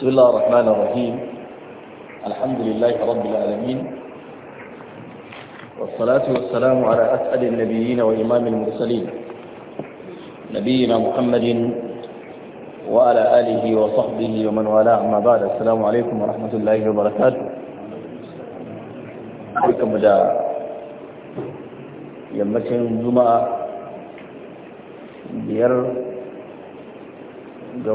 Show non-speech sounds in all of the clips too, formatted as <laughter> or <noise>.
بسم الله الرحمن الرحيم الحمد لله رب العالمين والصلاة والسلام على أسأل النبيين وإمام المرسلين نبينا محمد وعلى آله وصحبه ومن والاه أما بعد السلام عليكم ورحمة الله وبركاته عليكم بدا يمكن جمعة بير ga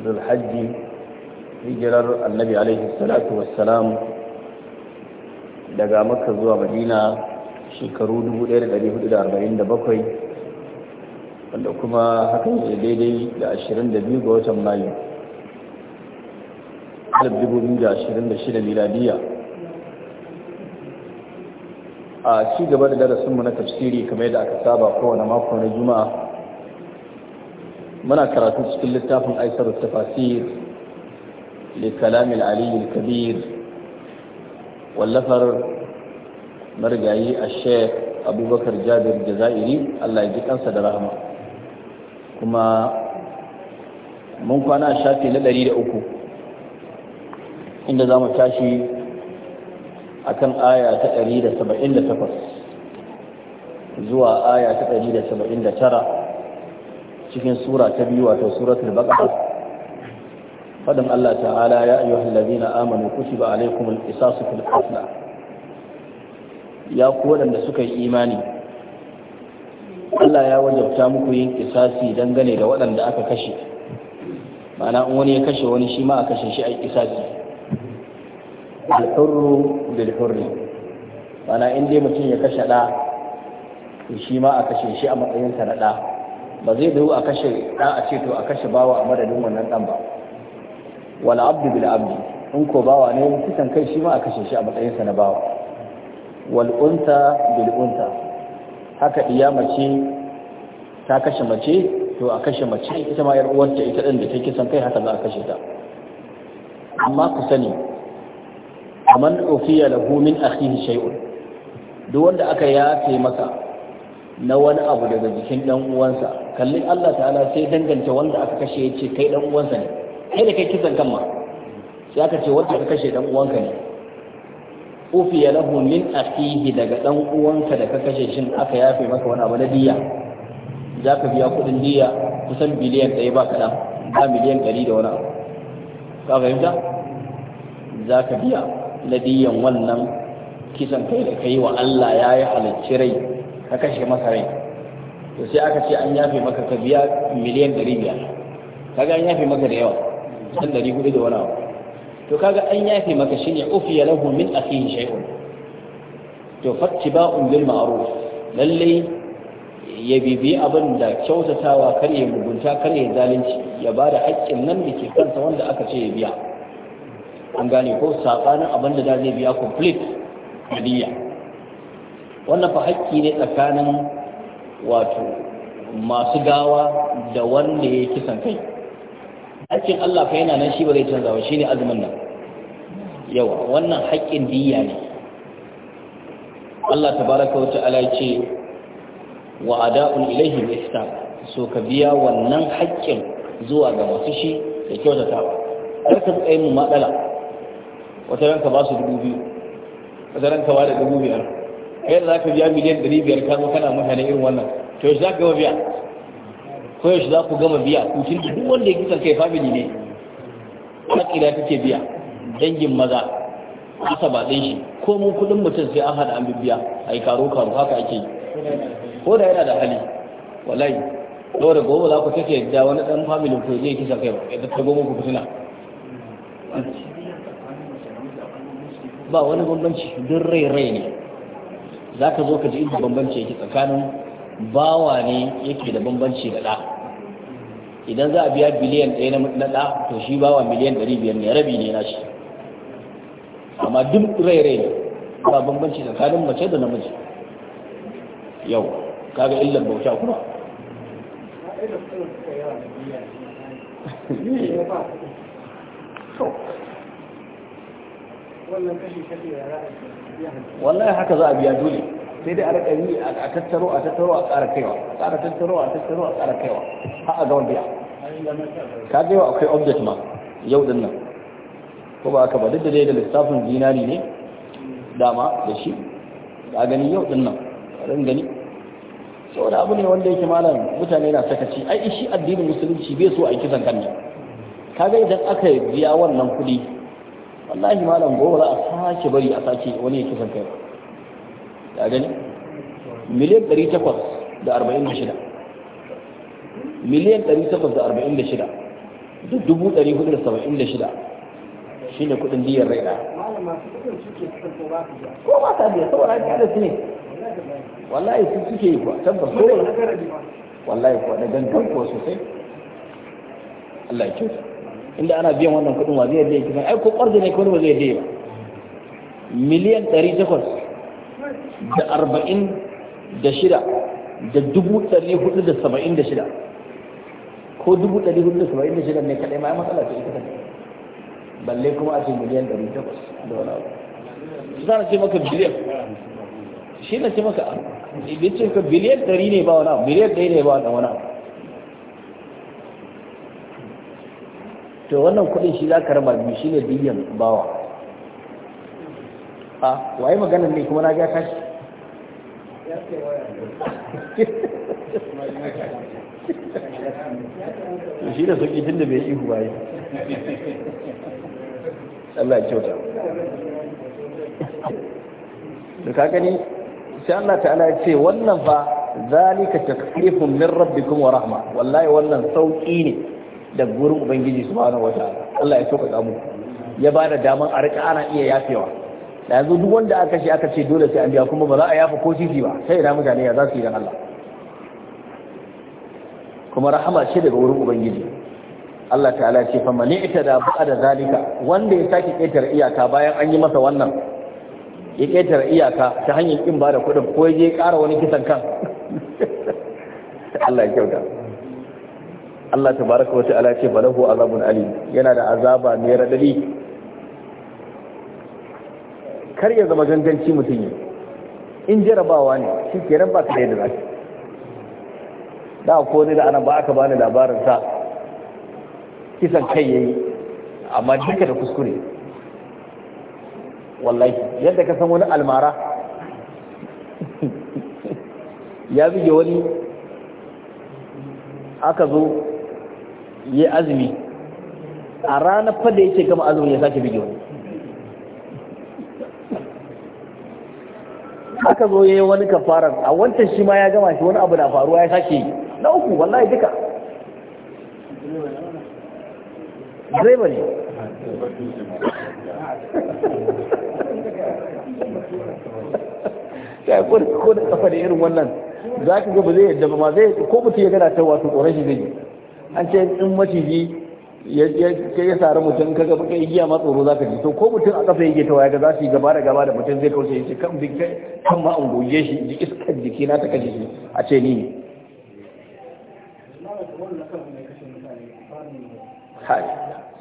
zulhajji hijirar annabi alaihi salatu wassalam daga maka zuwa madina shekaru 1447 wanda kuma hakan ke daidai da 22 ga watan mayu 2026 miladiya a ci gaba da darasinmu na tafsiri kamar yadda aka saba kowane mako na juma'a muna karatu cikin littafin aisharu tafasir li Aliyu aliyun kabir wallafar marigayi a sheik abubakar jabir da za'iri allah ji kansa da rahma. kuma mun kwana a shafi na 300 inda za mu tashi a kan aya ta 178 zuwa aya ta 179 cikin sura ta biyu wato suratul baqara fadin Allah ta'ala ya ayyuhal ladina amanu kutiba alaykumul qisasu fil qatl ya ku wadanda suka yi imani Allah ya wajabta muku yin kisasi dangane da waɗanda aka kashe ma'ana in wani ya kashe wani shi ma a kashe shi a kisasi al-hurru bil hurri ma'ana in dai mutum ya kashe da shi ma a kashe shi a matsayin sa na da ba zai dawo a kashe ɗa a ce to a kashe bawa a madadin wannan ɗan ba wala Abdi bil abdu in ko bawa ne kusan kai shi ma a kashe shi a matsayinsa na bawa wal unta bil unta haka iya mace ta kashe mace to a kashe mace ita ma yar uwarta ita din da ta kisan kai haka za a kashe ta amma ku sani man ufiya lahu min akhihi shay'un duk wanda aka yafe masa na wani abu daga jikin dan uwansa kalli Allah ta'ala sai danganta wanda aka kashe ya ce kai dan uwansa ne kai da kai kisan kan ma sai aka ce wanda aka kashe dan uwanka ne ya lahu min akhihi daga dan uwanka da ka kashe shin aka yafe maka wani abu na diya za ka biya kuɗin diya kusan biliyan ɗaya ba kaɗan ba miliyan ɗari da wani abu ka fahimta za ka biya na diyan wannan kisan kai da kai wa Allah ya yi halicci rai ka kashe masa rai to sai aka ce an yafe maka ka biya miliyan ɗari biyar kaga an yafe maka da yawa san ɗari hudu da wani abu to kaga an yafe maka shi shine ufiya lahu min akhihi shay'un to fattiba'un bil ma'ruf lalle ya bibi abin da kyautatawa kar ya mugunta kar ya zalunci ya ba da haƙƙin nan da ke kansa wanda aka ce ya biya an gane ko saɓanin abin da za zai biya complete hadiyya wannan fa haƙƙi ne tsakanin wato masu gawa da wanda ya kisan kai haƙƙin Allah fa yana nan shi ba zai canza ba shine azumin nan yawa wannan haƙƙin diyya ne Allah tabaraka wa ta'ala ya ce wa ada'un ilaihi bi so ka biya wannan haƙƙin zuwa ga masu shi da kyautatawa kar ka tsaye mu matsala wata ranka ba su dubu biyu wata ranka ba da dubu biyar kai za ka biya miliyan ɗari biyar ka zo kana mutane irin wannan to yaushe za ka gama biya ko yaushe za ku gama biya kucin duk wanda ya kisan kai family ne ta ke biya dangin maza asa ba ɗin shi ko mun kuɗin mutum sai an hada an bibiya a yi karo karo haka ake yi ko da yana da hali wallahi yau da gobe za ku take da wani ɗan family ko zai kisa kai ba yadda ta goma ku fitina ba wani bambanci duk rai rai ne za ka zo ka ji inda bambanci yake tsakanin bawa ne yake da bambanci da ɗa idan za a biya biliyan ɗaya na ɗa to shi bawa miliyan ɗari biyar ne rabi ne nashi amma duk rai rai ne ba bambanci tsakanin mace da namiji yau kaga illar bauta kuma <laughs> wallahi haka za a biya dole sai dai a rika yi a tattaro a tattaro a ƙara kaiwa a tattaro a tattaro a ƙara kaiwa har a gama biya ka gaiwa akwai object ma yau din nan ko ba haka ba duk da dai da lissafin zinari ne dama da shi da gani yau din nan ran gani saboda abu ne wanda yake malam mutane na sakaci ai shi addinin musulunci bai so a yi kisan kan Ka gai idan aka biya wannan kuɗi wallahi malam gobe za a sake bari a sake wani ya kisan kai ya gani miliyan 846 miliyan 846 da 476 shi ne kudin diyar rai da ko ba ta biya saboda ya da su ne wallahi su suke yi kuwa tabbas ko wallahi kuwa da gangan kuwa sosai Allah ya kyauta inda ana biyan wannan kudin wa zai yadda kisan aiko kwarza ne ko ba zai yadda ba miliyan 800 da 40 da shida da dubu da shida ko dubu da shida ne kadai ma ya matsala ce ita balle kuma a ce miliyan 800 da wani abu su zana ce maka biliyan shi na ce maka idan ce ka biliyan 100 ne ba wani abu biliyan 100 ne ba wani abu to wannan kuɗin shi za ka raba biyu shi ne biyan bawa a waye maganin ne kuma na ga kashi <laughs> shi da sauƙi tun da bai ihu ba yi Allah ya kyauta da ka gani sai Allah ta'ala ya ce wannan fa zalika taklifun min rabbikum wa rahma wallahi wannan sauƙi ne daga gurin ubangiji subhanahu wataala Allah ya sauƙaƙa mu ya ba da daman a rika ana iya yafewa da yanzu duk wanda aka ce aka ce dole sai an biya kuma ba za a yafa ko titi ba sai da mutane ya za su yi dan Allah kuma rahama ce daga wurin ubangiji Allah ta'ala ce fa mani ita da ba'a da zalika wanda ya sake ƙetare iyaka bayan an yi masa wannan ya ƙetare iyaka ta hanyar kin ba da kuɗin ko ya je ƙara wani kisan kan <laughs> Allah ya kyauta Allah tabaraka wa ta'ala ce balahu azabun ali yana da azaba mai radadi kar ya zama ganganci mutum yi in jarabawa ne shi ke ba ka da yadda zaki da ko ne da ana ba aka bani labarin sa kisan kai yayi amma duka da kuskure wallahi yadda ka san wani almara <laughs> ya buge wani aka zo Yi azumi a ranar fada yake gama azumi ya sake bige haka zo ya yi wani kafarar a wancan shi ma ya gama shi wani abu na faruwa ya sake yi na uku wallahi duka direba ne ya ko da kafa da irin wannan za ka gaba ba zai yadda ba ma zai ko mutu ya gada ta wato tsoron shi zai yi an ce in maciji ya sari mutum ka gaba kai giya ma tsoro zaka ji to ko mutum a kafa yake waya ga za su yi gaba da gaba da mutum zai kauce ya ce kan bi kai kan ma an goge shi ji iskar jiki na ta kashe shi a ce ni ne hai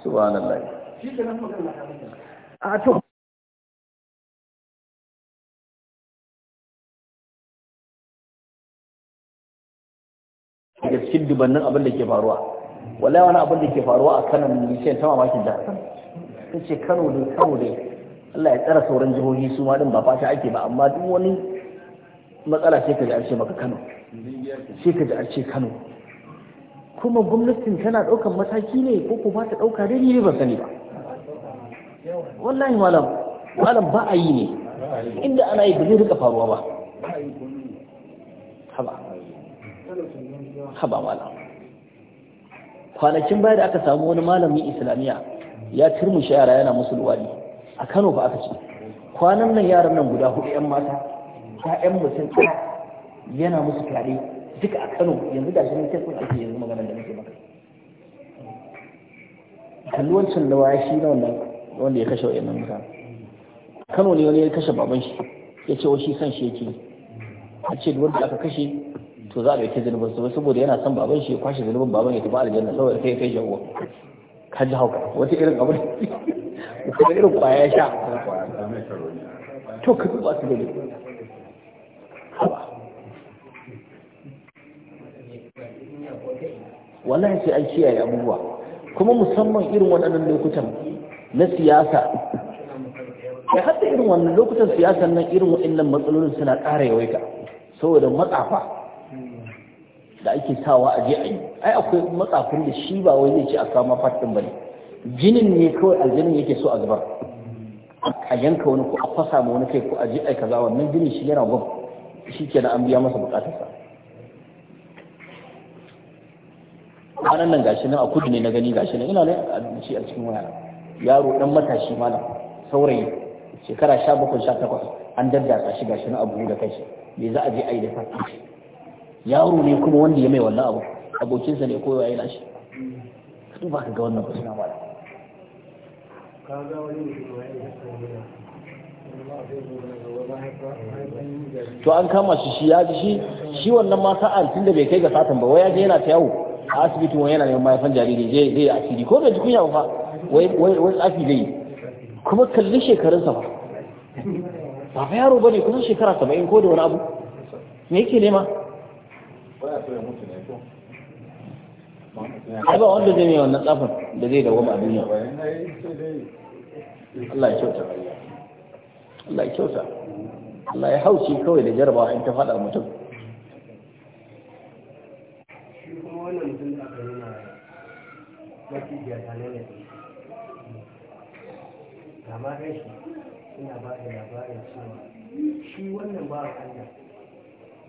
subhanallah a to daga cikin dubannin abin da ke faruwa wallahi wani abin da ke faruwa a kanan nishin ta mamakin da hakan ta ce kano ne kano ne Allah ya tsara sauran jihohi su ma din ba fata ake ba amma duk wani matsala sai ka ji an ce maka kano sai ka ji an ce kano kuma gwamnatin tana ɗaukar mataki ne ko ko ba ta ɗauka dai ne ban sani ba wallahi malam malam ba a yi ne inda ana yi ba zai rika faruwa ba haba haba mala kwanakin baya da aka samu wani malamin islamiyya ya turmushe yara yana musu luwadi a kano ba aka ce kwanan nan yaran nan guda hudu yan mata yan mutum ɗaya yana musu tare duka a kano yanzu shi ne sai kun ake yanzu maganar da nake maka kalluwancin da waya shi na wannan wanda ya kashe nan mutane kano ne wani ya kashe baban shi ya ce wa shi san shi yake a ce wanda aka kashe to za a ta zunubin su saboda yana son baban shi ya kwashe zunubin baban ya tafi aljanna saboda kai kai jawo ka ji hauka wata irin abu wata irin kwaya sha to ka duba su gani haba wallahi sai an kiyaye abubuwa kuma musamman irin waɗannan lokutan na siyasa ya hatta irin wannan lokutan siyasa nan irin waɗannan matsalolin suna ƙara yawaita saboda matsafa da ake sawa a je a yi ai akwai matsafin da shi ba wai zai ci a kama fatin bane jinin ne kawai aljinin yake so a zubar a yanka wani ko a fasa ma wani kai ko a je a kaza wannan jini shi yana gwam shi kenan an biya masa sa. kwanan nan gashi nan a kudu ne na gani gashi nan ina ne a ci a cikin waya yaro dan matashi malam saurayi shekara 17 18 an daddasa shi gashi nan abu da kai me za a je a yi da fatin yaro ne kuma wanda ya mai wannan abu abokinsa ne koyo ya lashe ka ba ka ga wannan kusa mara to an kama shi shi ya ji shi shi wannan ma sa'an tun da bai kai ga satan ba wai ya je yana ta yawo a asibitin wani yana neman mahaifan jariri zai zai asiri ko bai ji kunya ba wai wai tsafi zai kuma kalli shekarunsa ba ba fa yaro ne kusan shekara saba'in ko da wani abu me yake nema yana ya ba wanda zai yi wannan tsafin da zai dawo a duniya Allah ya kyauta Allah ya kyauta Allah ya hauci kawai da jarabawa in ta faɗa mutum shi ba da labarin cewa shi wannan ba a Allah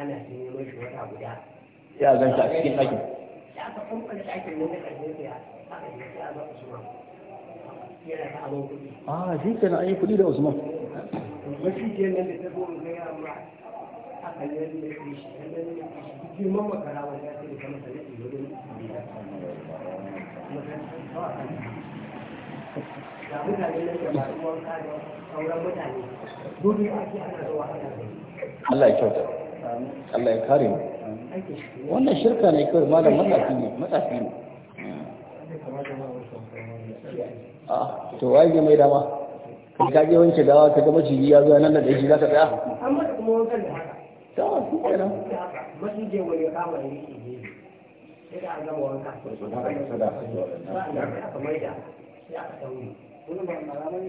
ana neman shi wata guda ya ganta a cikin ɗakin ya ka kamfani ɗakin ne na ƙarfin ya aka yi ya ba usman yana ta abin kuɗi a shi kenan an yi kuɗi da usman mafi nan da ta zo ga yamma aka yi shi, wani da shi shi girman makara wani ya ce kama sanar da wurin ga mutane na jama'a ruwan kada sauran mutane gudu ake ana zuwa ana Allah ya kyauta. Allah ya kare mu wannan shirka ne kawai malam matsafi ne matsafi ne a to waye mai dama kai ka je wanke gawa ka ga maciji ya zo nan da shi zaka tsaya an kuma da haka to shi maciji wani kama ne da da da ka ba mara ne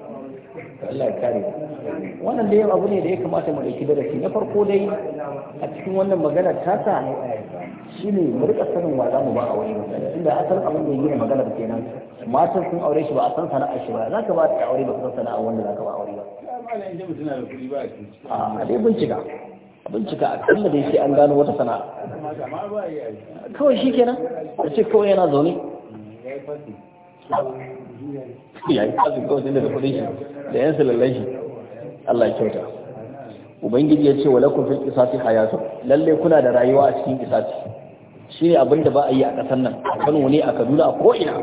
Allah ya kare wannan dai abu ne da ya kamata mu dauki darasi na farko dai a cikin wannan magana ta sa shine mu rika sanin wa zamu ba aure inda asalin abin da yake magana da kenan matan sun aure shi ba a san sana'a shi ba zaka ba ta aure ba san sana'a wanda zaka ba aure ba a dai bincika bincika a kalla da yake an gano wata sana'a kawai shi kenan a ce kawai yana zaune ya yi kasu kawai tun daga shi da yan salallan shi Allah ya kyauta ubangiji ya ce wa lakum fil qisasi hayatu lalle kuna da rayuwa a cikin qisasi shine abin da ba a yi a kasan nan a Kano ne a Kaduna ko ina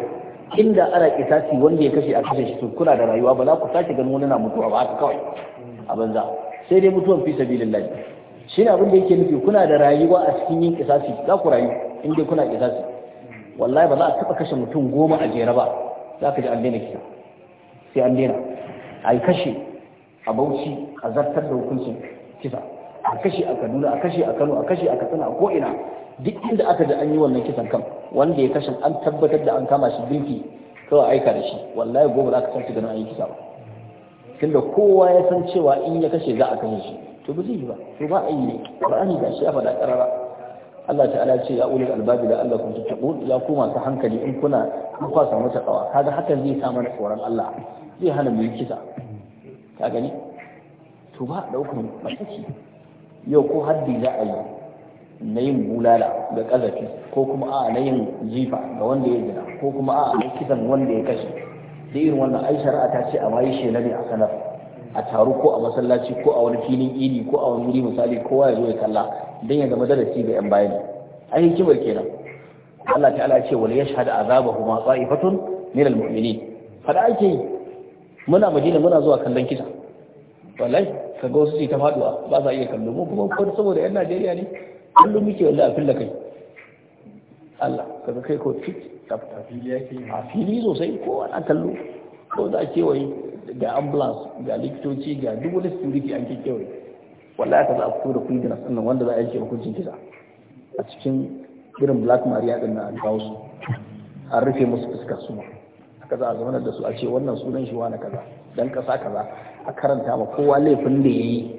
inda ana qisasi wanda ya kashe a kashe shi to kuna da rayuwa ba za ku sake ganin wani na mutuwa ba haka kawai a banza sai dai mutuwan fi sabilillah shine abin da yake nufi kuna da rayuwa a cikin yin qisasi za ku rayu in dai kuna qisasi wallahi ba za a taba kashe mutum goma a jere ba za ka ji an daina kisa sai an daina a yi kashe a bauchi a zartar da hukuncin kisa a kashe a kaduna a kashe a kano a kashe a katsina a ko'ina duk inda aka ji an yi wannan kisan kan wanda ya kashe an tabbatar da an kama shi binki kawai aika da shi wallahi gobe za ka san ganin an yi kisa ba tun da kowa ya san cewa in ya kashe za a kashe shi to ba zai yi ba to ba a yi ne ba a yi da shi a faɗa ƙarara Allah ta'ala ce ya ulil albabi da Allah kun tattabu ya koma masu hankali in kuna in kwa samu takawa kaga hakan zai sa mana tsoron Allah zai hana mu kisa ka gani to ba daukan mataki yau ko haddi za a yi na yin bulala ga kazafi ko kuma a na yin jifa ga wanda ya gina ko kuma a na kisan wanda ya kashe da irin wannan ai shari'a ta ce a ma yi shela a sanar a taru ko a masallaci ko a wani filin ili ko a wani wuri misali kowa ya zo ya kalla dan ya zama darasi ga yan bayani yi kibar kenan Allah ta'ala ya ce yashhadu azabahu ma qa'ifatun min almu'minin fada ake yi muna madina muna zuwa kallon kisa wallahi kaga wasu su ta faduwa ba za iya kallo mu kuma ko saboda yan Najeriya ne kullum muke wallahi a filla kai Allah kaga kai ko fit tafili yake a fili sosai ko ana kallo ko za a wai ga ambulance ga likitoci ga duk wani security an kekewaye wallahi ta za a fito da gina, sannan wanda za a yanke hukuncin kisa a cikin irin black maria din na su, an rufe musu fuska su ma haka za a zamanar da su a ce wannan sunan shi wani kaza dan kasa kaza a karanta ma kowa laifin da ya yi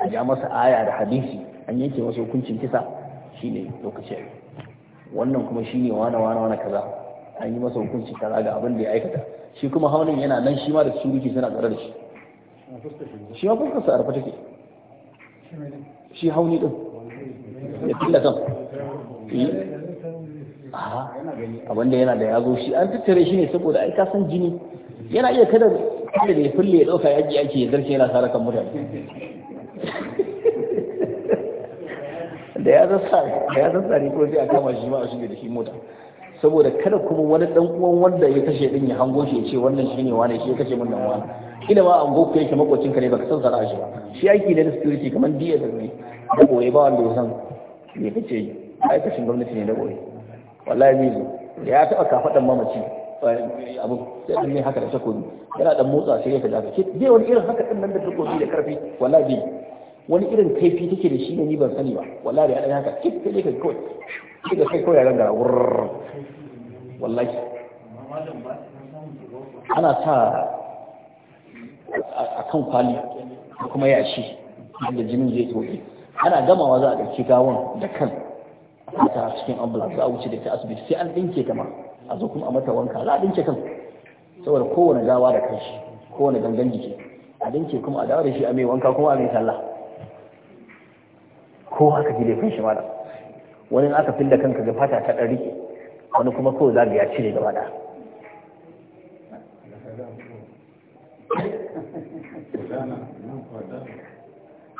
a ja masa aya da hadisi an yanke masa hukuncin kisa shine lokaci wannan kuma shine wani wani wani kaza an yi masa hukuncin kaza ga abin da ya aikata shi kuma haunin yana nan shi ma da suruki suna tsare da shi shi ma fuskar sa arfa take shi hauni din ya killa kan eh. abinda yana da yazo shi an tattare shi ne saboda ai ka san jini yana iya kada kada da ya fulle ya dauka yaji ake ya zarce yana sara kan mutane <laughs> da ya zassa da ya zassa ne ko sai a kama shi ma a shige da shi mota saboda kada kuma wani dan uwan wanda ya kashe din ya hango shi ya ce wannan shi ne wani shi ya kashe min dan wani ina ma an goku yake makocin ka ne baka san sana'a shi ba shi aiki ne na security kamar da ne da boye ba wanda san me kace aikacin gwamnati ne da boye wallahi mizo ya taba kafadan mamaci eh, abu sai ne haka da takobi yana dan motsa sai ya kaza ke dai wani irin haka din nan da takobi da karfi wallahi wani irin kaifi take da shi ne ni ban sani ba wallahi ya dan haka kif sai kai kawai shi da kai kawai ranga wurr wallahi ana sa a kan kwali kuma yashi da jinin zai toke ana gamawa za a ɗauki gawon da kan ta cikin ambulance za a wuce da ta asibiti sai an ɗinke ta ma a zo kuma a mata wanka za a ɗinke kan saboda kowane gawa da kanshi kowane gangan jiki a ɗinke kuma a dawo da shi a mai wanka kuma a mai sallah ko haka ji laifin shi mara wani aka da kanka ga fata ta ɗari wani kuma ko za zaga ya cire gaba da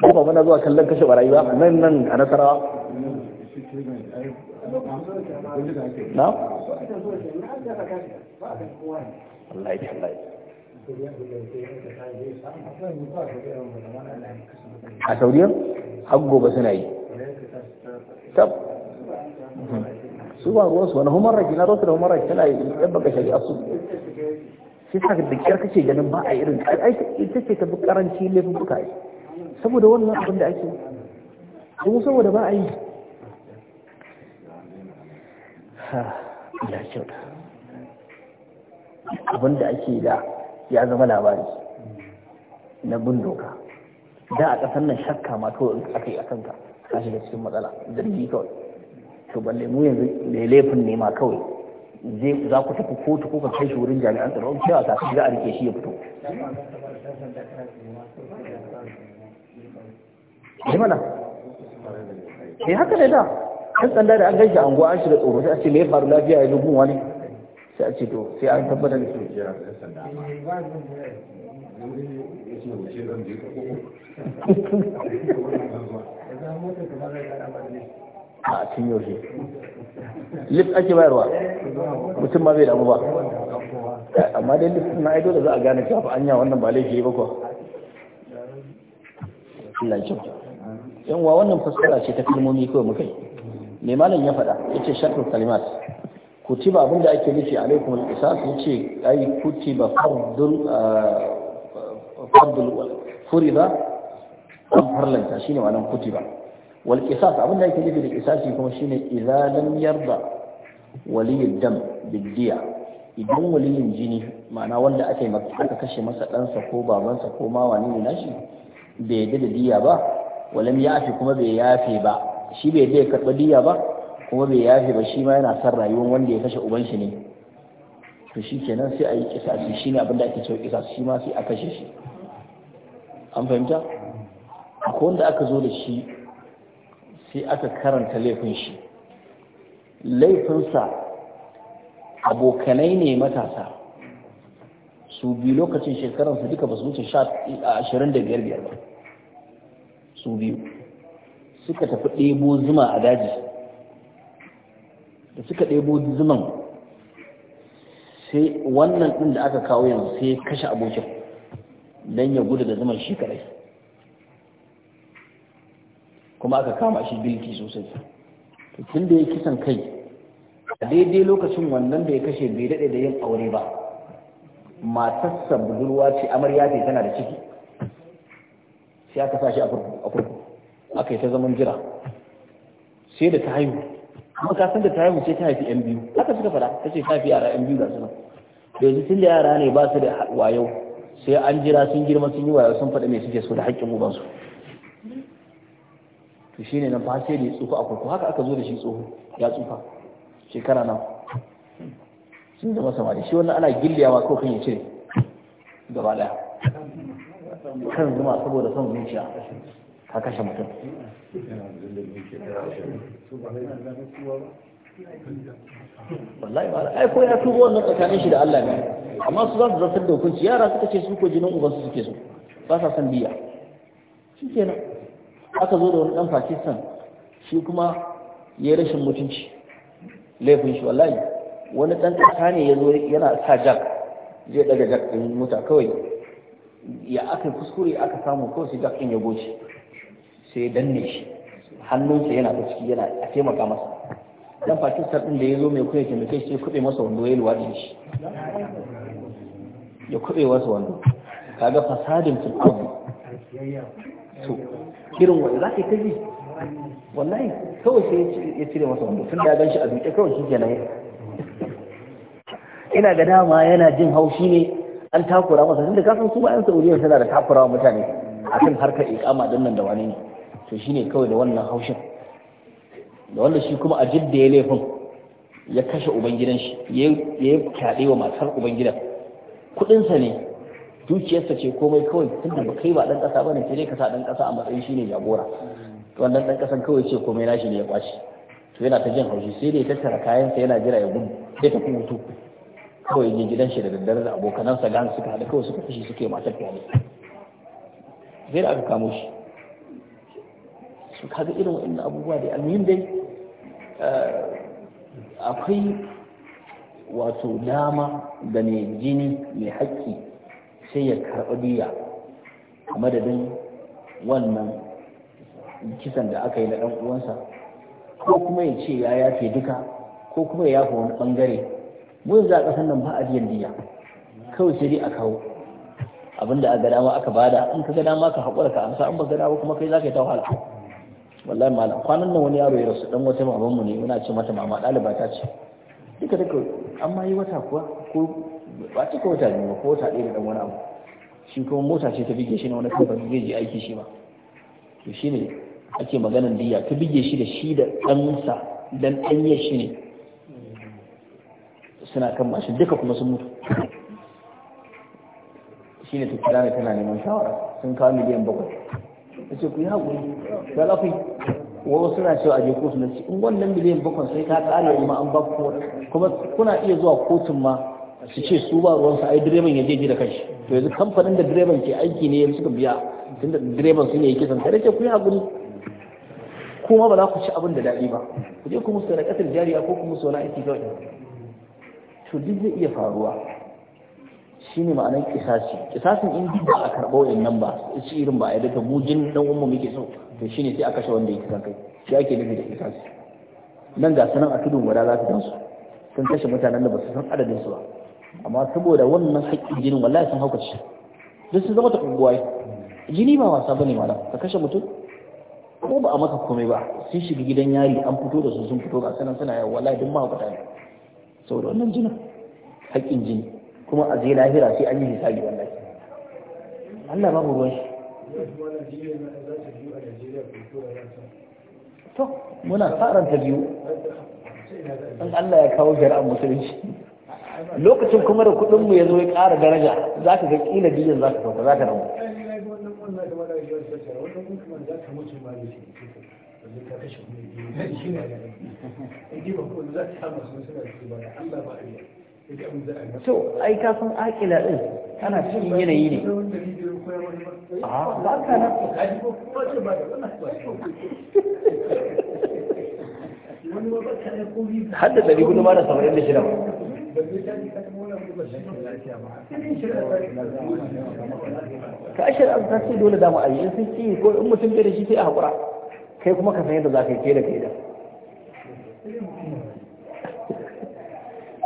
ko muna zuwa kallon kashe barayi ba nan nan a nasarawa na? Allah ya a sauriya? har gobe suna yi tab su ba ruwansu wani human right na rosu da human right tana yan baka shari'a su shi sa da kyar kace ganin ba a irin ita ce ta bi karanci laifin buka yi saboda wannan abin da ake kuma saboda ba a yi ha ila da. abin da ake da ya zama labari na bin doka da a ƙasar nan shakka ma to aka yi a kanka ka shiga cikin matsala zargi kawai to balle mu yanzu da laifin ne ma kawai zai za ku tafi kotu ko ka kai shi wurin jami'an tsaro cewa ka za a rike shi ya fito yi mana eh haka ne da kan tsanda da an gaji anguwa an shiga tsoro sai a ce me faru lafiya ya dubu wani sai a ce to sai an tabbatar da su a cikin yaushe list ake bayarwa mutum ma bai damu ba amma dai list na aido da za a gane cewa anya wannan ba laifi ba kuwa Allah ya yan wa wannan fassara ce ta kalmomi kawai muka yi mai malam ya faɗa yace sharhul kalimat kutiba abinda ake nufi alaikum al-qisas ce, ai kutiba fardun ah, abdul wal furida an farlanta shine wannan kutiba wal qisas da yake nufi da qisasi kuma shine idza lam yarda waliyud dam biddiya idan waliyin jini ma'ana wanda aka yi aka kashe masa ɗansa ko babansa ko ma wani ne nashi bai yadda da diya ba walam yafi kuma bai yafe ba shi bai yadda ya karɓi diya ba kuma bai yafe ba shi ma yana son rayuwar wanda ya kashe uban shi ne to shi kenan sai a yi kisasi shi ne da ake cewa kisa shi ma sai a kashe shi an fahimta ko wanda aka zo da shi sai aka karanta laifin shi laifinsa abokanai ne matasa su biyu lokacin shekaransu duka ba su wuce ashirin da biyar biyar ba su biyu suka tafi ɗebo zuma a daji da suka ɗebo zuman sai wannan ɗin da aka kawo yanzu sai kashe abokin don ya gudu da zaman shi kadai kuma aka kama shi bilki sosai tun da ya kisan kai a daidai lokacin wannan da ya kashe bai daɗe da yin aure ba matarsa budurwa ce amarya ce tana da ciki sai aka sa shi a kurkuku aka yi ta zaman jira sai da ta haihu kuma kasan da ta haihu sai ta haifi yan biyu haka suka fara ta ce ta haifi yara yan biyu ga su nan yanzu tun da yara ne ba su da wayo sai an jira sun girma sun yi waya sun faɗi mai suke so da haƙƙin ubansu to shi ne nan fa sai da ya tsufa a kurku haka aka zo da shi tsoho ya tsufa shekara nan sun zama samari shi wannan ana gilliyawa ko kan ya cire gaba daya kan zuma saboda son zuciya ka kashe mutum wallahi ba ai ko ya tubo wannan tsakanin shi da Allah ne amma su za su zartar da yara suka ce su ko jinin uban su suke so ba sa san biya kenan aka zo da wani dan Pakistan shi kuma yayi rashin mutunci laifin shi wallahi wani dan kasa ne yazo yana sa jak zai daga jack din mota kawai ya aka kuskure aka samu kawai sai jack din ya goce sai danne shi hannunsa yana ta ciki yana a taimaka masa dan Pakistan din da ya zo mai kuya ke mai shi kuɗe masa wando ya luwaɗi shi ya kuɗe masa wando kaga fasadin su abu so irin wani za ka yi kaji wallahi kawai sai ya cire masa wando tun da gan shi a zuke kawai shi kenan ina ga dama yana jin haushi ne an takura masa tunda ka san su ba yan Saudiya suna da takura mutane akan harkar ikama don nan da wani ne to shine kawai da wannan haushin da wanda shi kuma a jidda ya laifin ya kashe ubangidan shi ya yi fyaɗe wa matar ubangidan kuɗinsa ne dukiyarsa ce komai kawai tun da kai ba ɗan ƙasa ba ne sai kasa ka sa ɗan ƙasa a matsayin shi ne jagora wannan ɗan ƙasan kawai ce komai nashi ne ya kwashi to yana ta jin haushi sai dai tattara kayansa yana jira ya gudu sai tafi hutu kawai ne gidan shi da daddare da abokanansa gan suka haɗu kawai suka kashe suke matar fyaɗe sai da aka kamo shi su kaga irin wa'annan abubuwa da almuhim dai eh, akwai wato dama da mai jini mai haƙƙi sai ya karɓi diya a madadin wannan kisan da aka yi na ɗan uwansa ko kuma ya ce ya yafe duka ko kuma ya yafe wani ɓangare Mun yanzu a nan ba a biyan diya kawai sai dai a kawo abinda a ga dama aka bada in ka ga dama ka haƙura ka amsa in ba ga dama kuma kai za ka yi ta wahala wallahi ma kwanan nan wani yaro ya rasu dan wata maman mu ne muna ce mata mama ɗaliba ta ce duka duka an ma yi wata kuwa ko ba ta ko wata biyu ko wata ɗaya da dan wani abu shi kuma mota ce ta bige shi na wani kamfani zai je aiki shi ba to shine ake maganar diya ta bige shi da shi da ɗansa dan ɗanye shi ne suna kan mashin duka kuma sun mutu ne ta kira tana neman shawara sun kawo miliyan bakwai ya ce ku yi haƙuri ya za wasu suna cewa a je kotu na ce in wannan miliyan bakwai sai ta ƙara ma an ba ku kuma kuna iya zuwa kotun ma su ce su ba ruwansa ai direban ya je ji da kanshi to yanzu kamfanin da direban ke aiki ne suka biya tunda direban sun ne yake san sai ce ku yi haƙuri kuma ba za ku ci abin da daɗi ba ku je ku musu da ƙasar jariya ko ku musu wani aiki kawai to duk zai iya faruwa Shi ne ma'anar kisasi kisasin in ba a karɓo in nan ba shi irin ba a yadda ta mujin dan umma muke so to ne sai a kashe wanda ya kisan kai shi ake nufi da kisasi nan ga sanan a tudun wada za ta su sun kashe mutanen da ba su san adadin su ba amma saboda wannan haƙƙin jinin wallahi sun haukace duk sun zama ta unguwa jini ba wasa bane malam ka kashe mutum ko ba a maka komai ba sun shiga gidan yari an fito da su sun fito ga sanan suna yawa wallahi duk ma ne saboda wannan jinin haƙƙin jini kuma a je lahira sai an yi hisabi wallahi Allah babu ruwan shi to muna tsaron ta biyu in Allah ya kawo shari'ar musulunci lokacin kuma da kuɗin mu yazo ya ƙara daraja za ka ga kila biyan za ka sauka za ka rabu shi ne To ai ka san akila din kana cikin yanayi ne a ah, ba ka na hadda ɗari hudu ma da saba'in da shida ka ashir an tasiri dole dama a yi sun ci ko in mutum bai da shi sai a haƙura kai kuma ka san yadda za ka yi ke da kai da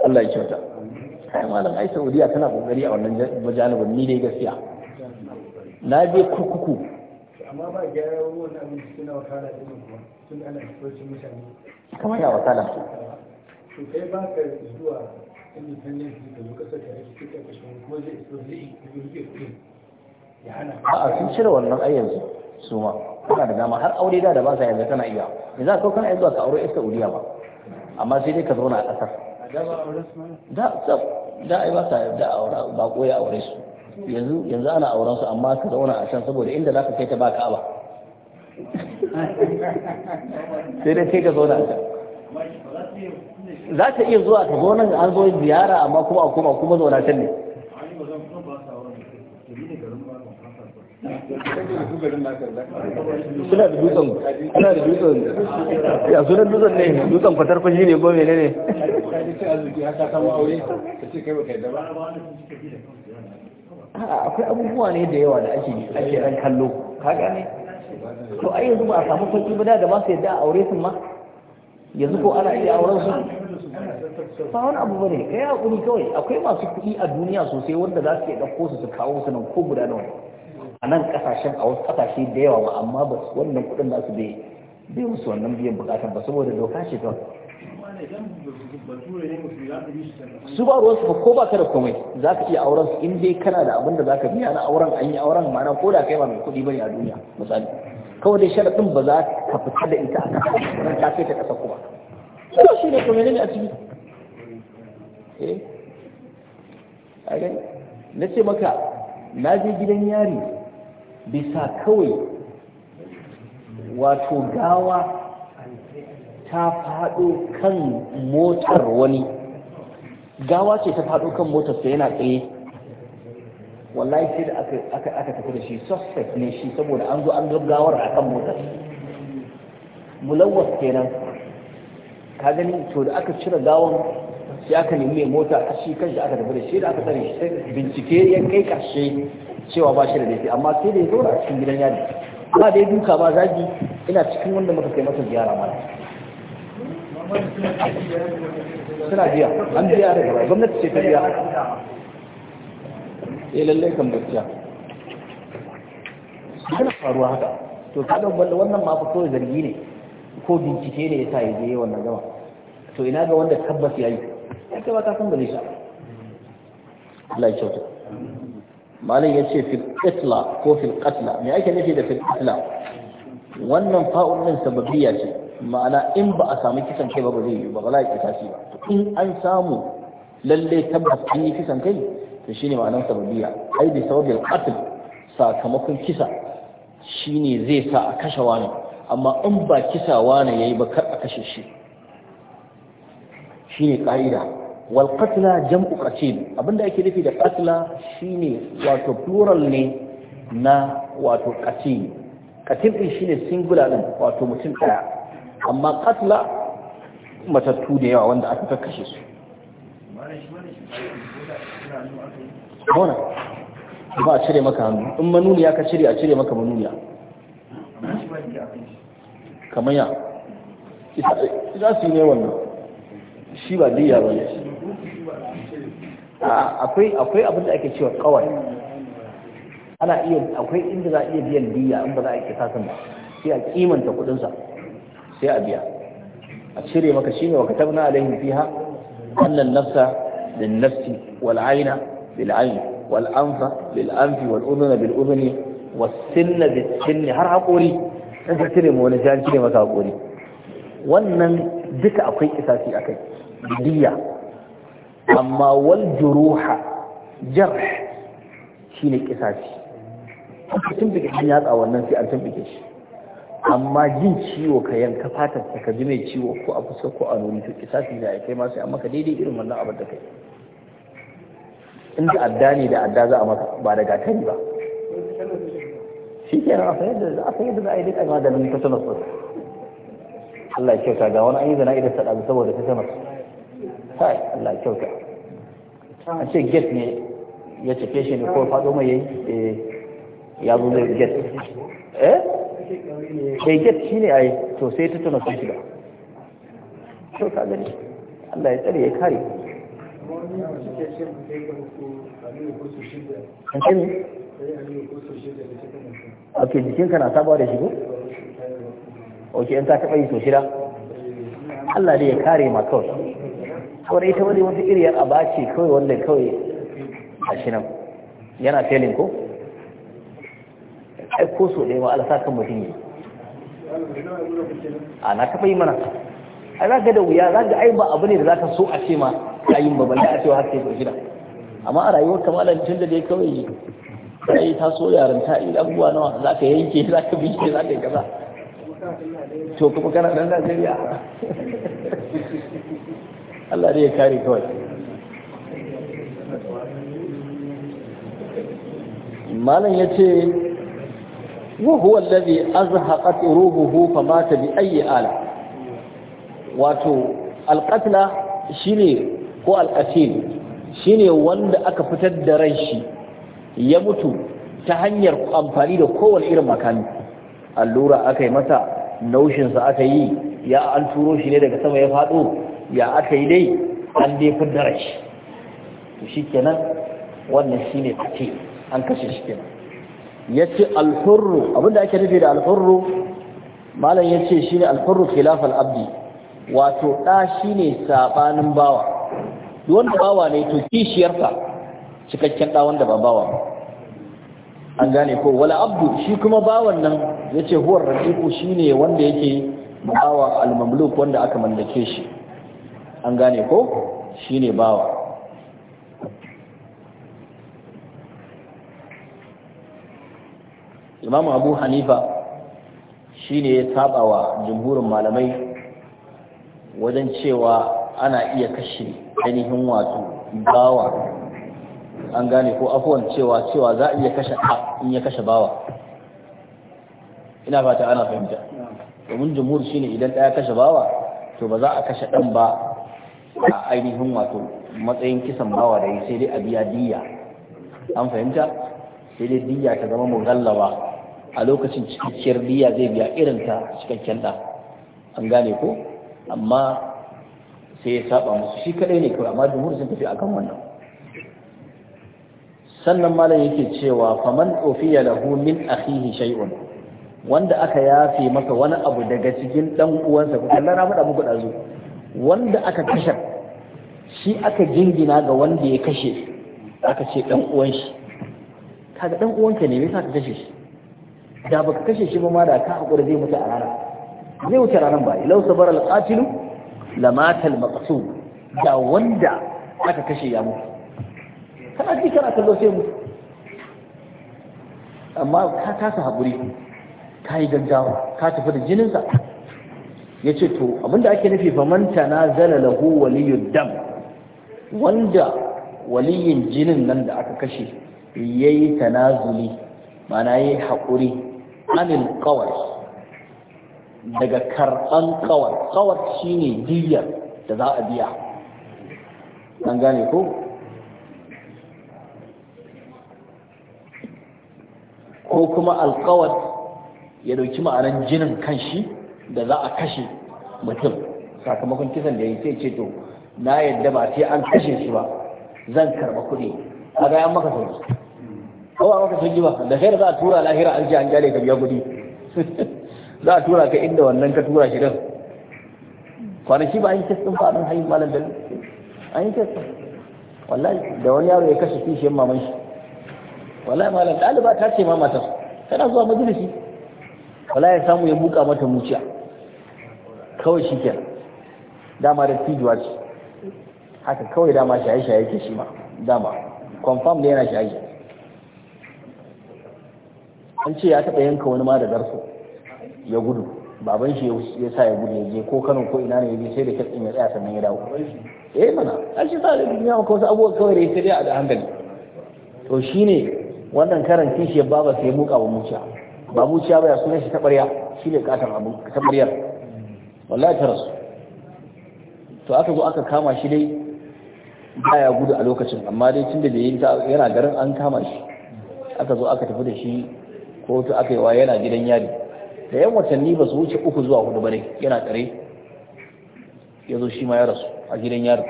Allah ya kyauta kai malam ai saudiya tana kokari a wannan majalibin ni dai gaskiya na bi kurkuku amma ba gyaran ruwan abinci suna wakala din kuma sun ana fitoci mutane kamar ya wakala to kai ba ka zuwa independent da zo kasar da ake kika kashe kuma zai iso zai yi kuɗi ya hana a'a sun cire wannan ayyanzu su ma kana da dama har aure da da ba sa yanzu kana iya me za ka kawo kana zuwa ka aure ita uliya ba amma sai dai ka zauna a ƙasar da da ai ba ta yarda a aure ba ko ya aure su yanzu yanzu ana auren su amma ka zauna a can saboda inda zaka kai ta ba ka ba sai dai kai ka zauna a can za ta iya zuwa ta zo nan an zo ziyara amma kuma a kuma kuma zauna can ne suna da dutsen suna da dutsen ya sunan dutsen ne dutsen fatar kwashi ne ko mene ne akwai abubuwa ne da yawa da ake ake ran kallo ka gane to ai yanzu ba a samu sauki ba da ba su yadda a aure sun ma yanzu ko ana iya auren su ba wani abu ne kai hakuri kawai akwai masu kuɗi a duniya sosai wanda za su iya ɗauko su su kawo su nan ko guda nawa a nan kasashen a wasu kasashe da yawa ba amma ba su wannan kudin da su bai musu wannan biyan bukatar ba saboda doka ce ta su ba ruwansu ba ko ba ka da komai za ka iya auren su in dai kana da abin da za ka biya na auren an yi auren mana ko da kai ba mai kuɗi bane a duniya misali kawai dai sharaɗin ba za ka fita da ita a ƙasa ta kai ta ƙasa kuma ko shi ne kuma ne a ciki eh na ce maka na je gidan yari bisa kawai wato gawa ta faɗo kan motar wani gawa ce ta faɗo kan motar motarsa yana tsaye wallahi sai da aka tafi da shi suspect ne shi saboda an zo an gaggawar a kan motar mulawwas kenan ka gani to da aka cire gawan sai aka nemi mota a shi kanshi aka tafi da shi da aka tsare shi bincike ya kai cewa ba shi da laifi amma sai da ya zo a cikin gidan yari ba ya duka ba zagi ina cikin wanda muka kai masa ziyara mana suna biya an biya da gaba gwamnati ce ta biya ya eh, lallai kan gaskiya suna faruwa haka to kada wanda wannan ma fa kawai zargi ne ko bincike ne yasa ya je wannan gaba to ina ga wanda tabbas yayi ya kai ba ta san gani shi Allah ya kyauta malam ya ce filƙatla ko Filkatla. mai ake nufi da filƙatla wannan fa'un ɗin sababbiya ce ma'ana in ba a sami kisan kai ba ba zai yi ba za a shi ba in an samu lalle tabbas an yi kisan kai to shine ma'anar sababbiya ai bi sababil qatl sakamakon kisa shine zai sa a kashe wani amma in ba kisa wani yayi ba kar a kashe shi shine ƙa'ida wal qatla jam'u qatil abinda ake nufi da qatla shine wato plural ne na wato qatil qatil din shine singular din wato mutum daya amma qatla matattu da yawa wanda aka kashe su bona ba a cire maka hannu in manuniya ka cire a cire maka manuniya kamar ya za su wannan shi ba diya ba ne akwai akwai abin da ake cewa kawai ana iya akwai inda za a iya biyan diya in ba za a yi ba sai a kimanta kudin sa sai a biya a cire maka ne wa na alaihi fiha annan nafsa lin nafsi wal aina bil ayn wal anfa bil anfi wal udhuna bil udhuni was sinna bis sinni har hakori in ka cire mu wani jan cire maka hakori wannan duka akwai kisasi akai diya amma wal juruha jarh shine kisasi tun bike shi yatsa wannan sai an tumbike shi amma jin ciwo ka yanka fatar ka ji mai ciwo ko a fuska ko a nuni to kisasi da kai ma sai Amma ka daidai irin wannan abin da kai in da adda ne da adda za a maka ba da gatari ba shi ke nan a sayar da za a yi duk a maganin ta sanar Allah ya kyauta ga wani an yi zana idan ta ɗazu saboda ta sanar kai Allah kyauta a ce get ne ya cike shi ne ko faɗo mai yi eh, ya zo mai get eh sai eh, get shi ne ai to sai ta tuna sun shiga to ka gani Allah ya tsare ya kare Ok, ka na sabuwa da shigo? Ok, in ta taɓa yi to shida? Allah dai ya kare ma kawai. kawai ita wani wata iriyar aba ce kawai wanda kawai a shi nan yana felin ko ai ko so da yawa alasa kan mutum ne a na taɓa yi mana a za ga da wuya za ga ai ba abu ne da za ka so a ce ma ta yi ba da a cewa har sai ko shida amma a rayuwar kamalan tun da dai kawai sai ta so yaranta idan abubuwa nawa za ka yanke za ka bincike za ka yi kaza to kuma kana dan Najeriya Allah ne ya kare kawai malam ya ce wa huwa alladhi ruhuhu fa mata bi ayi ala wato shi shine ko Shi ne wanda aka fitar da ran shi ya mutu ta hanyar amfani da kowane irin makami allura aka yi masa naushinsa aka yi ya an turo shi ne daga sama ya faɗo ya aka yi dai an dai fi dara shi to shi kenan wannan shi ne fati an kashe shi kenan ya ce alfurru abinda ake nufi da alfurru malam ya ce shi ne alfurru khilafal abdi wato ɗa shi ne saɓanin bawa wanda bawa ne to kishiyarsa cikakken ɗa wanda ba bawa ba an gane ko wala abdu shi kuma bawan nan ya ce huwar rafiku shi ne wanda yake bawa al-mamluk wanda aka mallake shi an gane ko shine bawa imamu abu hanifa shine ya saba wa jumhurin malamai wajen cewa ana iya kashe ainihin wato bawa an gane ko afuwan cewa cewa za a iya kashe a in ya kashe bawa ina fata ana fahimta domin shi shine idan ɗaya kashe bawa to ba za a kashe ɗan ba a ainihin wato matsayin kisan bawa da yi sai dai a biya diya an fahimta sai dai diya ta zama mugallaba a lokacin cikakkiyar diya zai biya irin ta cikakken da an gane ko amma sai ya saba musu shi kadai ne kawai amma jumhur sun tafi akan wannan sannan malam yake cewa faman ofiya lahu min akhihi shay'un wanda aka yafe maka wani abu daga cikin dan uwansa ko kallara mu da muku dazu wanda aka kashe shi aka jingina ga wanda ya kashe aka ce dan uwan shi kaga dan uwanka ne me yasa ka kashe shi da baka kashe shi ba ma da ka hakura zai mutu a rana zai wuce ranar ba ilau sabar al-qatilu lamata al-maqsum da wanda aka kashe ya mutu kana ji kana kallo sai mutu amma ka kasa hakuri ka yi gaggawa ka tafi da jininsa ya ce to abinda ake nufi manta na zala lahu waliyun dam wanda waliyin jinin nan da aka kashe ya yi tanazuli mana ya yi haƙuri anil kawar daga karɓan kawar kawar shine ne da za a biya an gane ko ko kuma alƙawar ya ɗauki ma'anar jinin kan shi da za a kashe mutum sakamakon kisan da ya ce ce to na yadda ba sai an kashe shi ba zan karɓa kuɗi a ga maka sauki ko ba maka sauki ba da kai za a tura lahira an ce an gyale ka biya kuɗi <laughs> za a tura ka inda wannan ka tura shi din kwanaki ba an yi kestin ba nan hayin malam dalil an yi kestin wallahi da wani yaro ya kashe kishiyar maman shi wallahi malam ɗaliba ta ce ma matar tana zuwa majalisi wala ya samu ya buka mata muciya kawai shi kenan dama da tijuwa ce haka kawai dama shaye-shaye ke shi ma dama confirm da yana shaye an ce ya taɓa yanka wani ma da darso ya gudu baban shi ya sa ya gudu ya je ko kano ko ina ne ya je sai da kyatsin ya tsaya sannan ya dawo eh mana an shi sa da duniya maka wasu abubuwa kawai da ya sai dai a da hankali to shine wannan karan ya baba sai ya muka wa muciya ba buciya baya sunan shi taɓarya shi ne katon abu taɓaryar wallahi ta rasu to aka zo aka kama shi dai baya gudu a lokacin amma dai tun da bai yi yana garin an kama shi aka zo aka tafi da shi kotu aka yi wa yana gidan yari da yan watanni ba su wuce uku zuwa hudu ba ne yana tsare ya zo shi ma ya rasu a gidan yari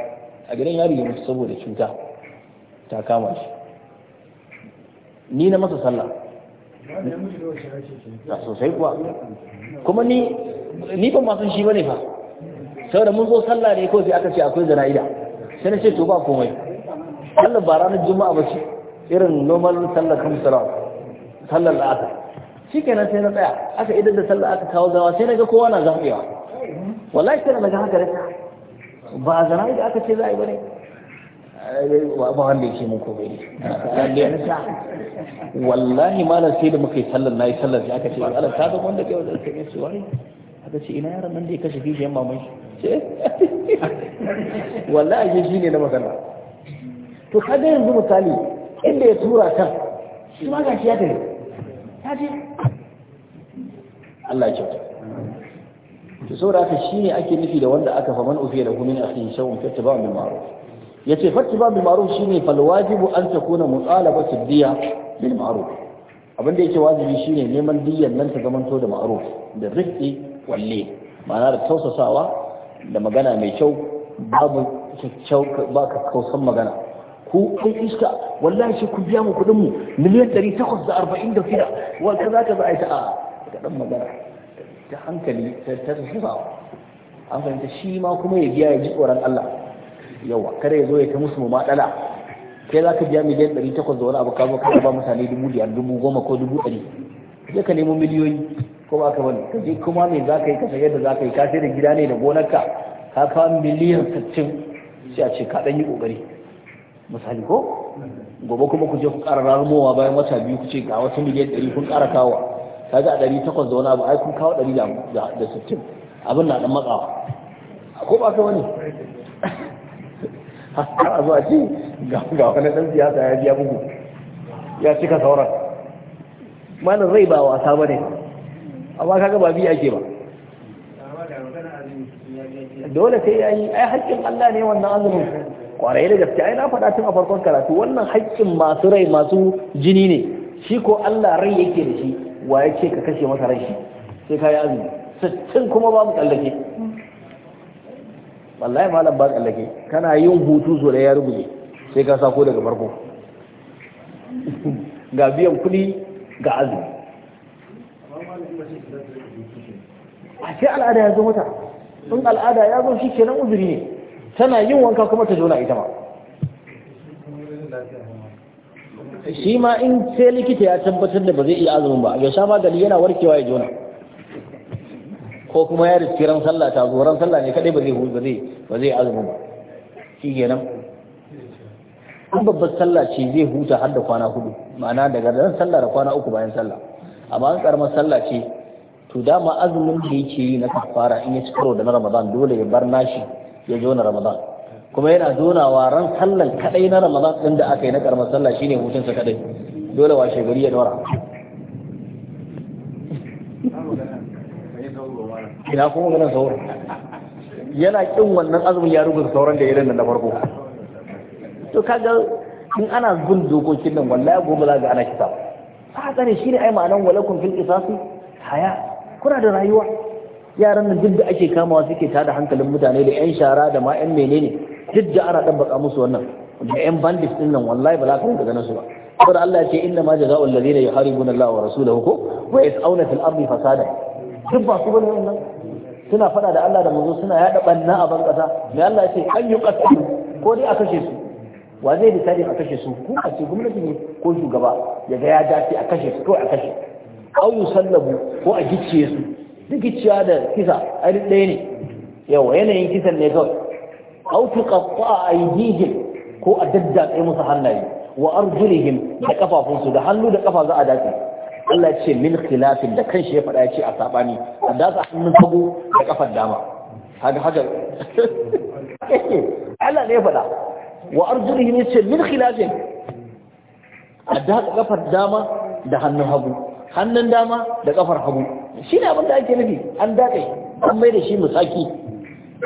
a gidan yari ya mutu saboda cuta ta kama shi ni na masa sallah da sosai kuwa kuma ni ni ban masu san shi bane fa saboda mun zo sallah ne ko sai aka ce akwai zana'ida. sai na ce to ba komai sallar ba ranar juma'a ba ce irin normal sallar kamsara sallar la'asar shi kenan sai na tsaya aka idan da sallar aka kawo gawa sai na ga kowa na zamewa wallahi sai na ga haka da ba zana'ida aka ce za a yi ba ne ba wanda yake mun komai lalliyarsa wallahi malam sai da muka yi sallar na yi sallar sai aka ce ala ta zama wanda kai wanda kai su wani aka ce ina yaran nan da ya kashe kishiyar maman shi <laughs> wallahi shi ne na magana to kaga yanzu misali inda ya tura kan shi ma gashi ya tare ta ce Allah ya kyauta to saboda haka shine ake nufi da wanda aka fa faman ufiya da gumin akhin shawun fattaba bil ma'ruf yace fattiba bil ma'ruf shine fal wajibu an takuna mutalabatu diya bil ma'ruf abin da yake wajibi shine neman diyyan nan ta zamanto da ma'ruf da rifqi walle ma'ana da tausasawa da magana mai kyau babu kyau ba ka kausan magana ku kai iska wallahi shi ku biya mu kuɗin mu miliyan 846 wa kaza kaza ai ta a dan magana ta hankali ta ta an fahimta shi ma kuma ya biya ya ji tsoron Allah yawa kada ya zo ya ta musu matsala kai za ka biya miliyan ɗari takwas da wani abu ka zo ka ba mutane dubu biyar dubu goma ko dubu ɗari je ka nemo miliyoyi ko ba ka bane ka je kuma me za ka yi kasa yadda za ka yi ka sai da gida ne da gonarka ka kawo miliyan sittin sai a ce ka ɗan yi ƙoƙari misali ko gobe kuma ku je ku ƙara ramowa bayan wata biyu ku ce ga wasu miliyan ɗari kun ƙara kawo ka ga a ɗari takwas da wani abu ai kun kawo ɗari da sittin abin na ɗan matsawa ko ba ka wani a zuwa ce ga wani ɗan siyasa ya biya bugu ya cika sauran Manin rai ba wasa ba ne amma kaga ba biya ke ba dole sai ya yi ai haƙƙin Allah ne wannan azumin kwarai da gaske ai na faɗa tun a farkon karatu wannan haƙƙin masu rai masu jini ne shi ko Allah rai yake da shi wa ya ce ka kashe masa rai shi sai ka yi azumi sittin kuma babu tsallake wallahi malam ba kallake kana yin hutu so da ya rubuce sai ka sako daga farko <laughs> ga biyan kuɗi ga azumi a ce al'ada ya zo mata in al'ada ya zo shi kenan uzuri ne tana yin wanka kuma ta zauna ita ma shi ma in sai likita ya tabbatar da ba zai iya azumin ba ya sha magani yana warkewa ya zauna ko kuma ya riski ran sallah ta zo ran sallah ne kadai ba zai ba zai ba zai azumi ba shi kenan an babbar sallah ce zai huta har da kwana hudu ma'ana daga ran sallah da kwana uku bayan sallah amma an karamar sallah ce to dama azumin da yake yi na kafara in ya ci karo da na ramadan dole ya bar nashi ya zo na ramadan kuma yana zonawa ran sallan kadai na ramadan din da aka yi na karamar sallah shine hutunsa kadai dole washe gari ya dora ina kuma ganin sauran yana kin wannan azumin ya rubuta sauran da irin na farko to kaga in ana bin dokokin nan wallahi gobe za ga ana kisa haka ne shine ai ma'anan walakum fil qisasi haya kuna da rayuwa yaran nan duk da ake kamawa suke tada hankalin mutane da yan shara da ma yan menene duk da ana dabbaka musu wannan da yan bandits din nan wallahi ba za ka rinka ganin su ba saboda Allah ya ce inna ma jazaa'ul ladina yuharibuna Allah wa rasulahu ko wa yas'auna fil ardi fasada duk ba su bane wannan suna fada da Allah da manzo suna yada banna a ban kasa me Allah yace an yi kasa ko dai a kashe su wa zai decide a kashe su ko a ce gwamnati ne ko shugaba ya ga ya dace a kashe su ko a kashe au sallabu ko a gicciye su duk gicciya da kisa ai ɗaya ne yawa yanayin kisan ne kawai au tuqatta aydihim ko a daddatsa musu hannaye wa arjulihim da kafafunsu da hannu da kafa za a dace Allah ce min khilafin da kan shi ya faɗa ya ce a sabani a dasa hannun hagu da kafar dama haka haka <laughs> Allah ne ya faɗa wa arjulihim ya ce min khilafin a dasa kafar dama da hannun hagu hannun dama da kafar hagu shi ne abin da ake nufi an daɗe an mai da shi musaki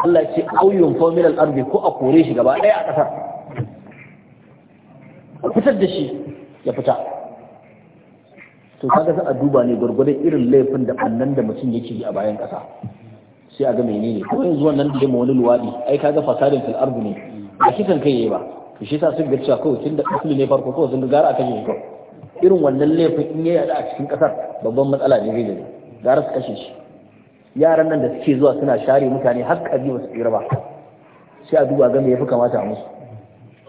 Allah ce auyun fomilal arzi ko a kore shi gaba ɗaya a ƙasar a fitar da shi ya fita to kaga za a duba ne gwargwadon irin laifin da annan da mutum yake yi a bayan ƙasa sai a ga menene ko yanzu wannan da ma wani luwadi ai kaga fasadin fil ardu ne ba kisan kai yayi ba to shi yasa sun ga cewa kawai tunda asali ne farko ko sun gara akan yi kawai irin wannan laifin in yayi a cikin ƙasar babban matsala ne zai gara su kashe shi yaran nan da suke zuwa suna share mutane har kabi ba su tsira ba sai a duba ga me yafi kamata a musu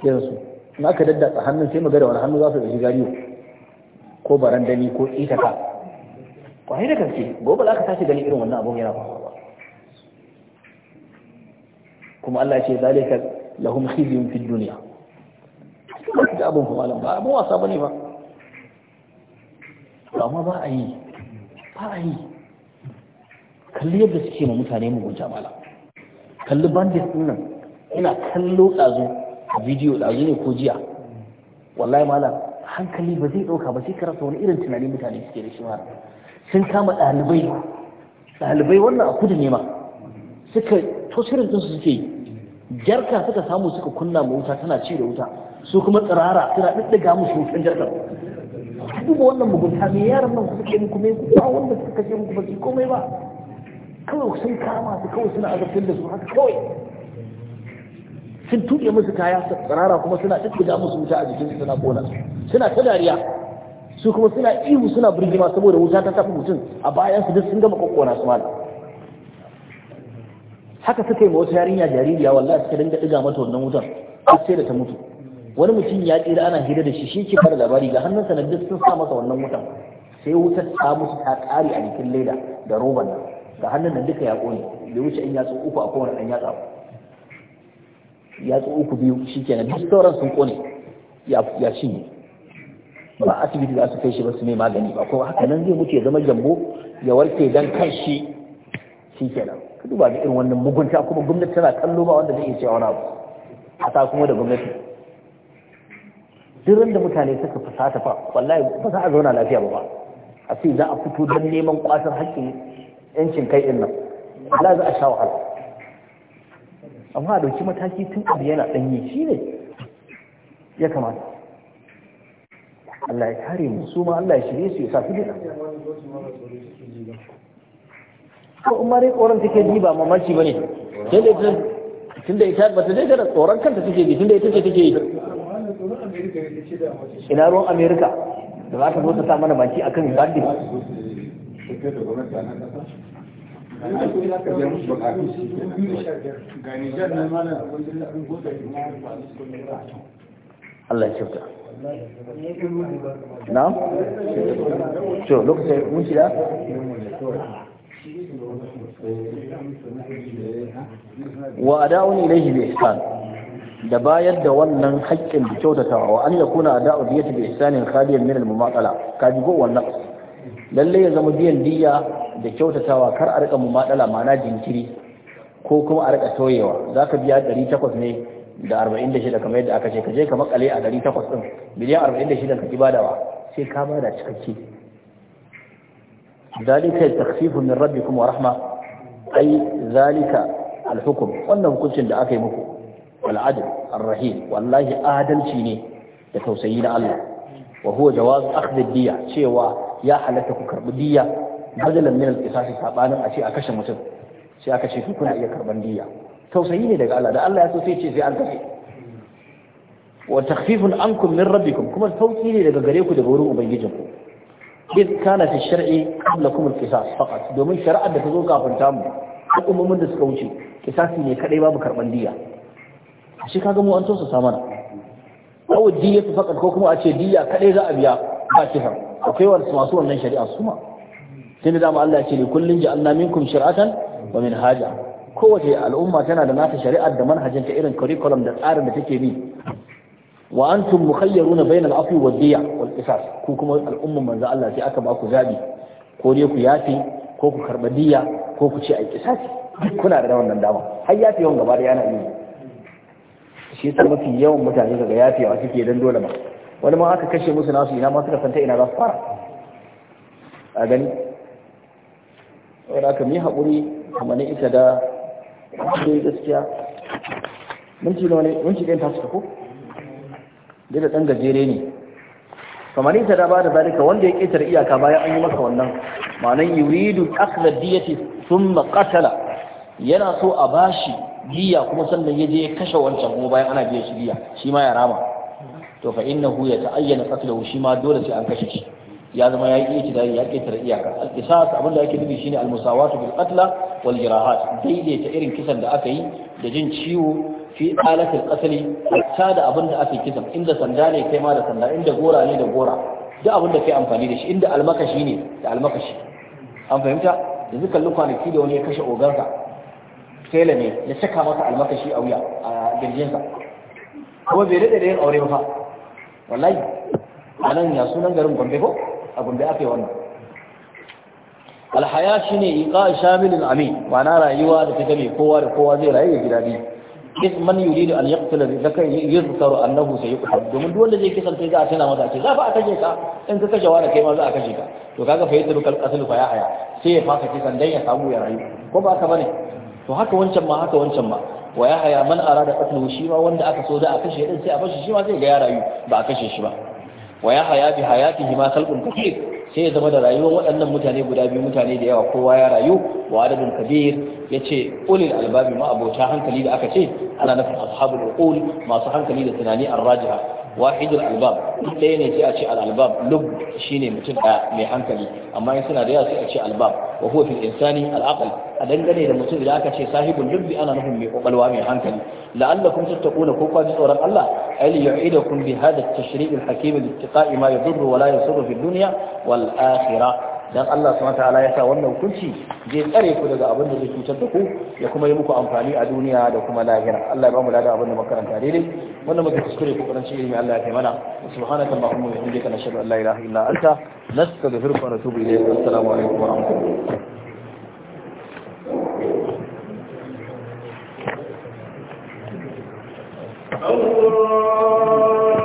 irin su in aka daddatsa hannun sai magana wani hannu za su ga shi gariyo ko barandami ko ita ka, kwaye da gaske gobe za ka tashi gani irin wannan abun yana faruwa kuma Allah ya ce zalika lahum khizyun fid dunya da abun malam, ba abun wasa bane ba amma ba a yi ba a yi kalli yadda suke ma mutane mugunta mala kalli bandit din nan ina kallo ɗazu bidiyo ɗazu ne ko jiya wallahi malam hankali ba zai ɗauka ba shi karanta wani irin tunani mutane suke da shi ma sun kama ɗalibai ɗalibai wannan a kudu ne ma suka to shirin su suke yi jarka suka samu suka kunna ma wuta tana ci da wuta su kuma tsirara suna ɗiɗɗiga musu wutan jarkar duba wannan mugunta me yaran nan kuma ke muku me ba wanda suka kashe muku ba su komai ba kawai sun kama su kawai suna azabtar da su haka kawai sun tuɗe musu kaya tsirara kuma suna ɗiɗɗiga musu wuta a jikinsu suna ƙona suna ta dariya su kuma suna ihu suna birgima saboda wuta ta tafi mutum a bayan su duk sun gama ƙoƙona su mala haka suka yi wata yarinya jaririya wallahi suka dinga ɗiga mata wannan wutan? Duk sai da ta mutu wani mutum ya ƙira ana hira da shi shi ke fara labari ga hannun na duk sun sa masa wannan wutan. sai wutar ta musu ta ƙare a jikin leda da roban nan ga hannun nan duka ya ƙone bai wuce in yatsu uku a kowane ɗan ya tsafa. ya tsu uku biyu shikenan duk sauran sun kone ya shi ne ba asibiti za su kai shi ba su mai magani ba ko haka nan zai mutu ya zama jambo ya warke dan kan shi shikenan ka duba da irin wannan mugunta kuma gwamnati tana kallo ba wanda zai iya cewa wani abu ta kuma da gwamnati duk da mutane suka fusata fa wallahi ba za a zauna lafiya ba ba a sai za a fito don neman kwatar haƙƙin yancin kai ɗin nan Allah za a sha wahala amma a dauki mataki tun abu yana ɗanye shi ne ya kamata Allah ya kare mu su ma Allah ya shirye su ya sa su ko in ma dai tsoron take ji ba mamaci ba ne tun da ita tunda ita ba ta daidara tsoron kanta take ji da ita ce take yi ina ruwan amerika da za ta zo ta sa mana baki akan bandit Allah ya kyauta na? so lokacin mun shida? wa ada'un ilaihi bi ihsan da bayar da wannan haƙƙin da kyautatawa wa an yakuna ada'u diyati bi ihsanin khaliyan min al-mumatala kaji go wannan lalle ya zama biyan diya da kyautatawa kar a rika mumadala ma'ana jinkiri ko kuma a rika toyewa za ka biya 800 ne da 46 kamar yadda aka ce ka je ka makale a 800 din miliyan 46 ka ki badawa sai ka bada cikakke zalika takhfifun min rabbi kuma rahma ai zalika alhukum wannan hukuncin da aka yi muku wal adl arrahim wallahi adalci ne da tausayi na Allah wa huwa jawaz akhdh diya cewa ya halatta ku karbi diya bajalan min al-qisas sabanin a ce a kashe mutum sai aka ce kuna iya karban diya tausayi ne daga Allah da Allah ya so sai ce sai an kashe wa takhfifun ankum min rabbikum kuma sauki ne daga gare ku daga wurin ubangijin ubangijinku إذ كان في الشرع قبلكم القصاص فقط domin شرع da ta zo kafin tamu al'ummomin da suka wuce kisasi ne kadai babu karban diya shi kaga mu an tosa saman awu diya faqat ko kuma a ce diya kadai za a biya ba kifar akwai wasu masu wannan shari'a su ma sai da dama Allah ya ce ne kullin ja'alna minkum shir'atan wa minhaja kowace al'umma tana da nata shari'ar da manhajinta irin curriculum da tsarin da take bi wa antum mukhayyaruna bainal afwi wad diya wal qisas ku kuma al'umma manzo Allah sai aka ba ku zabi ko dai ku yafi ko ku karba diya ko ku ci ai qisasi kuna da wannan dama har yafi yawan gaba da yana yi shi yasa mafi yawan mutane daga yafiwa suke dan dole ba wani ma aka kashe musu nasu ina ma suka santa ina za su fara a gani wadda aka mu haƙuri a ne ita da dai gaskiya mun ci ne ta suka ko da ɗan gajere ne kamar ita da ba da zarika wanda ya ƙetare iyaka bayan an yi masa wannan ma'anan diya ce sun sun maƙatala. yana so a bashi diya kuma sannan ya je ya kashe wancan kuma bayan ana biya shi diya shi ma ya rama to fa innahu ƙasar da shi ma dole sai an kashe shi ya zama ya yi da ya ƙetare iyaka al-qisas abin da ake nufi shine al-musawatu bil qatla wal jirahat daidaita irin kisan da aka yi da jin ciwo fi alatil qatli hatta da abin da aka kisan inda sanda ne kai ma da sanda inda gora ne da gora duk abin da kai amfani da shi inda almakashi ne da almakashi an fahimta yanzu kallon kwanaki da wani ya kashe ogarka fela ne ya saka masa almakashi a wuya a girjinsa kuma bai daɗe da yin aure ba fa wallahi a nan ya sunan garin gombe ko abin da aka yi wannan alhaya shi ne iƙa shamilin amin ma'ana rayuwa da ta game kowa da kowa zai rayu ya gida biyu is man yuridu an yaqtula zaka yuzkaru annahu sayuqtab domin duk wanda zai kisance za a tana masa ce za fa a kashe ka in ka kashe wani kai ma za a kashe ka to kaga fa yadda kal aslu fa ya haya sai ya fasa kisan dan ya samu ya rayu ko ba ka bane to haka wancan ma haka wancan ma wa ya haya man arada qatlu shi ma wanda aka so da a kashe din sai a fashe shi ma zai ga ya rayu ba a kashe shi ba wa ya haya bi hayatihi ma khalqun kathir sai ya zama da rayuwar waɗannan mutane guda biyu mutane da yawa kowa ya rayu wa adadin kabir yace ulil albabi ma abota hankali da aka ce ana nufin ashabul uqul masu hankali da tunani arrajiha wahidul albab ɗaya ne sai a ce al-albab lub ne mutum ɗaya mai hankali amma in suna da yawa sai a ce albab wa huwa fil insani al a dangane da mutum idan aka ce sahibul lubbi ana nufin mai kokalwa mai hankali la'allakum tattaquna ko kwaji tsoron Allah ay li yu'idakum bi hadha at-tashri' al-hakim bi ittiqa'i ma yadurru wa la yasurru fi dunya wal akhirah dan Allah subhanahu wataala ya sa wannan hukunci zai tsare ku daga abin da zai cutar da ku ya kuma yi muku amfani a duniya da kuma lahira Allah ya ba mu lada abin da muka karanta daidai wannan muke kuskure ku karanci ilimi Allah ya taimana subhanaka allahumma wa bihamdika nashhadu an la ilaha illa anta nastaghfiruka wa natubu ilayk assalamu alaikum wa rahmatullahi Allah